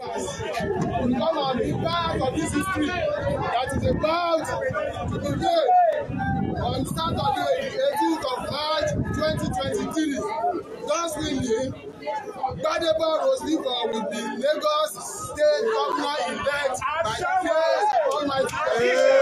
Come and be part of this history that is about to be made on Saturday, the 18th of March, 2023. Thus winning, Gbadebo Rosliver will be Lagos State Governor-elect by the grace Almighty God.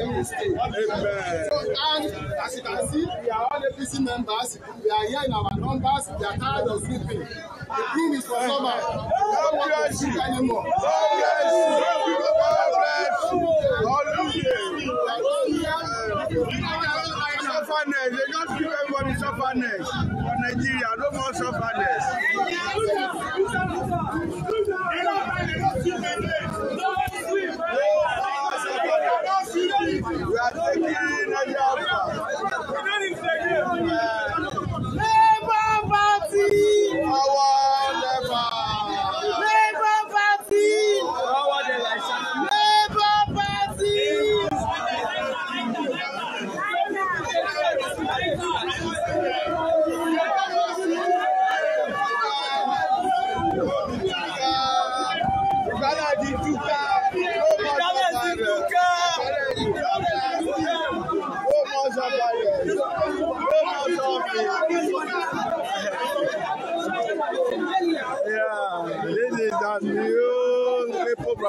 Amen. So, and as you can see, we are all APC members. We are here in our numbers. We are tired of sleeping. The room is for summer. We don't want to sleep anymore. God bless you. God bless God bless you. God bless Sufferness. They just give everybody sufferness. For Nigeria, no more sufferness.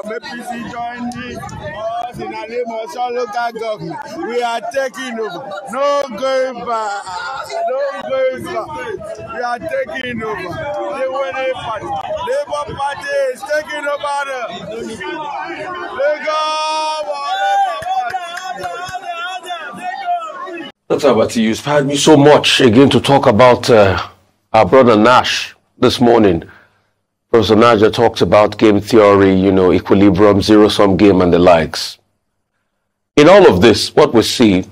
from APC joining us in Alimosho local government. We are taking over. No going back. No going back. We are taking over. The winning party. Labour Party is taking over. Dr. Abati, you inspired me so much again to talk about uh, our brother Nash this morning. Professor Naja talks about game theory, you know, equilibrium, zero-sum game, and the likes. In all of this, what we see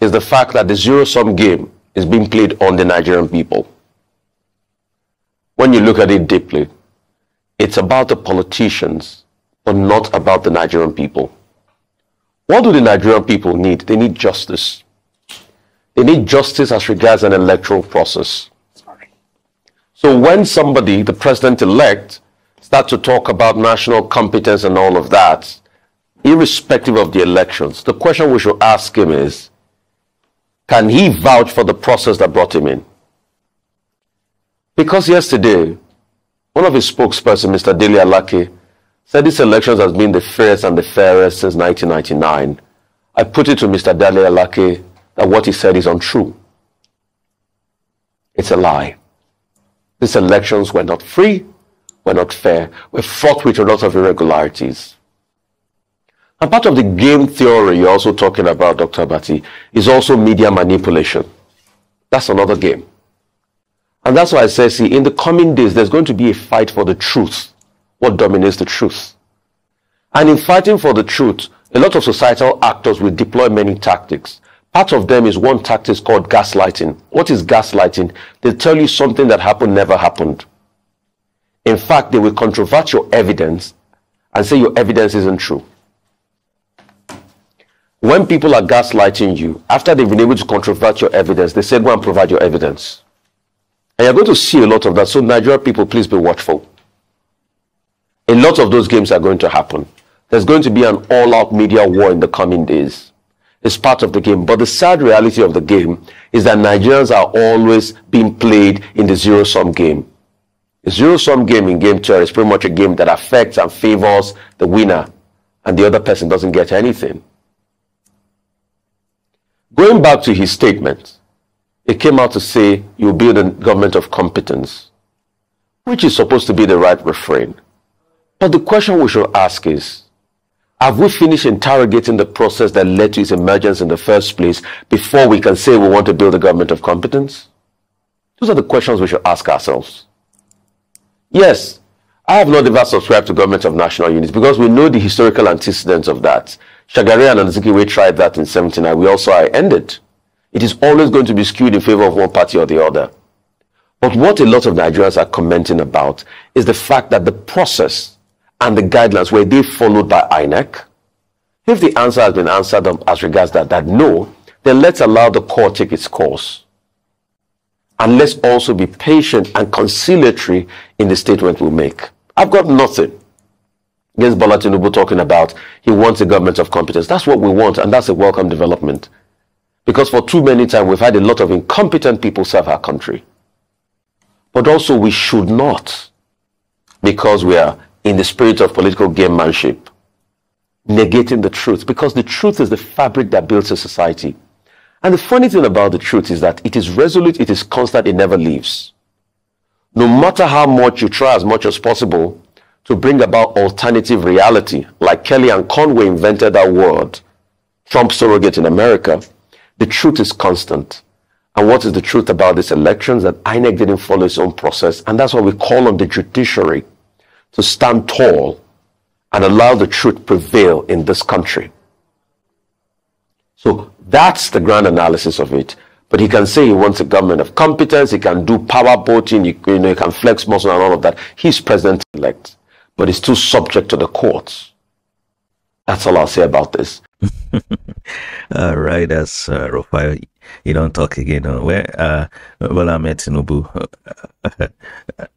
is the fact that the zero-sum game is being played on the Nigerian people. When you look at it deeply, it's about the politicians, but not about the Nigerian people. What do the Nigerian people need? They need justice. They need justice as regards an electoral process. So when somebody, the president-elect, starts to talk about national competence and all of that, irrespective of the elections, the question we should ask him is, can he vouch for the process that brought him in? Because yesterday, one of his spokespersons, Mr. Dele Alaki, said this election has been the fairest and the fairest since 1999. I put it to Mr. Dele Alaki that what he said is untrue. It's a lie. These elections were not free, were not fair, were fought with a lot of irregularities. And part of the game theory you're also talking about, Dr. Batty, is also media manipulation. That's another game. And that's why I say, see, in the coming days, there's going to be a fight for the truth. What dominates the truth? And in fighting for the truth, a lot of societal actors will deploy many tactics. Part of them is one tactic called gaslighting. What is gaslighting? They tell you something that happened never happened. In fact, they will controvert your evidence and say your evidence isn't true. When people are gaslighting you, after they've been able to controvert your evidence, they say, go and provide your evidence. And you're going to see a lot of that. So, Nigerian people, please be watchful. A lot of those games are going to happen. There's going to be an all out media war in the coming days. Is part of the game. But the sad reality of the game is that Nigerians are always being played in the zero sum game. A zero sum game in game theory is pretty much a game that affects and favors the winner, and the other person doesn't get anything. Going back to his statement, it came out to say you build a government of competence, which is supposed to be the right refrain. But the question we should ask is have we finished interrogating the process that led to its emergence in the first place before we can say we want to build a government of competence? Those are the questions we should ask ourselves. Yes, I have not ever subscribed to government of national unity because we know the historical antecedents of that. Shagari and Anzikiwe tried that in 79. We also ended. It is always going to be skewed in favor of one party or the other. But what a lot of Nigerians are commenting about is the fact that the process and the guidelines, were they followed by INEC? If the answer has been answered as regards that, that no, then let's allow the court take its course. And let's also be patient and conciliatory in the statement we make. I've got nothing against Bola Tinubu talking about he wants a government of competence. That's what we want, and that's a welcome development. Because for too many times, we've had a lot of incompetent people serve our country. But also, we should not, because we are in the spirit of political gamemanship, negating the truth, because the truth is the fabric that builds a society. And the funny thing about the truth is that it is resolute, it is constant, it never leaves. No matter how much you try as much as possible to bring about alternative reality, like Kelly and Conway invented that word, Trump surrogate in America, the truth is constant. And what is the truth about these elections? That INEC didn't follow its own process. And that's why we call on the judiciary to stand tall and allow the truth prevail in this country. So that's the grand analysis of it. But he can say he wants a government of competence, he can do power boating, you, you know, he can flex muscle and all of that. He's president elect, but he's still subject to the courts. That's all I'll say about this. All right, that's uh, Rufai. You don't talk again. Uh, where uh, well, I met Tinubu.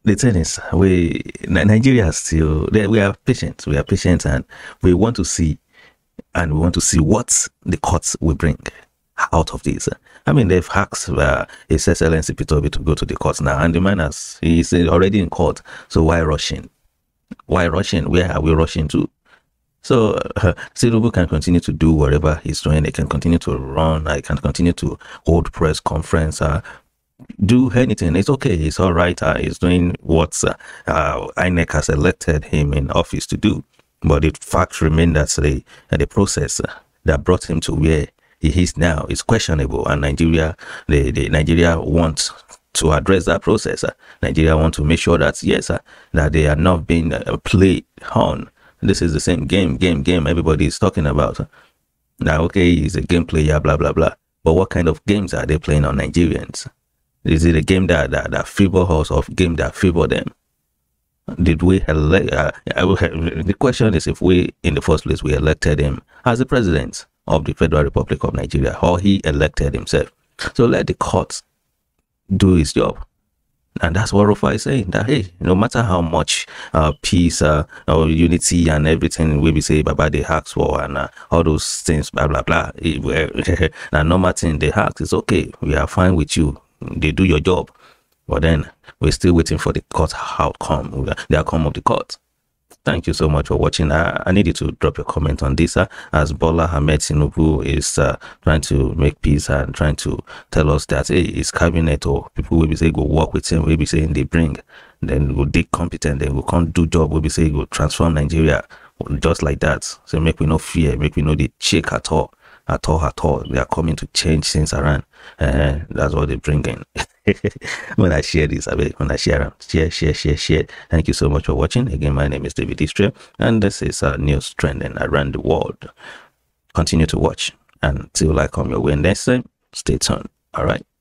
the thing is, we Nigeria still we are patient. We are patient, and we want to see, and we want to see what the courts will bring out of this. I mean, they've asked uh, His Excellency Pitobi to go to the courts now, and the man has he's already in court. So why rushing? Why rushing? Where are we rushing to? So uh, Sirubu can continue to do whatever he's doing. He can continue to run. I can continue to hold press conference. Uh, do anything. It's okay. It's all right. Uh, he's doing what uh, uh, INEC has elected him in office to do. But the fact remains that the, uh, the process uh, that brought him to where he is now is questionable. And Nigeria, the, the Nigeria wants to address that process. Uh, Nigeria want to make sure that, yes, uh, that they are not being played on this is the same game, game, game everybody is talking about. Now, okay, he's a game player, blah, blah, blah. But what kind of games are they playing on Nigerians? Is it a game that, that, that favor us or game that favor them? Did we elect? Uh, the question is if we, in the first place, we elected him as the president of the Federal Republic of Nigeria or he elected himself. So let the courts do his job. And that's what Rufa is saying that hey, no matter how much uh, peace uh, or unity and everything we be say about the hacks for and uh, all those things, blah blah blah. and matter in the hacks is okay, we are fine with you. They do your job. But then we're still waiting for the court outcome, the outcome of the court. Thank you so much for watching. I, I needed to drop a comment on this uh, as Bola Ahmed Tinubu is uh, trying to make peace and trying to tell us that hey, his cabinet or people will be saying go work with him, will be saying they bring, then we'll dig competent, then can't do job, will be saying go transform Nigeria just like that. So make we no fear, make we know the check at all, at all, at all. They are coming to change things around. Uh, that's what they bring in when I share this, I will, when I share them, share, share, share, share. Thank you so much for watching. Again, my name is David Istre, and this is our news trending around the world. Continue to watch, until I come your way next time, stay tuned. All right.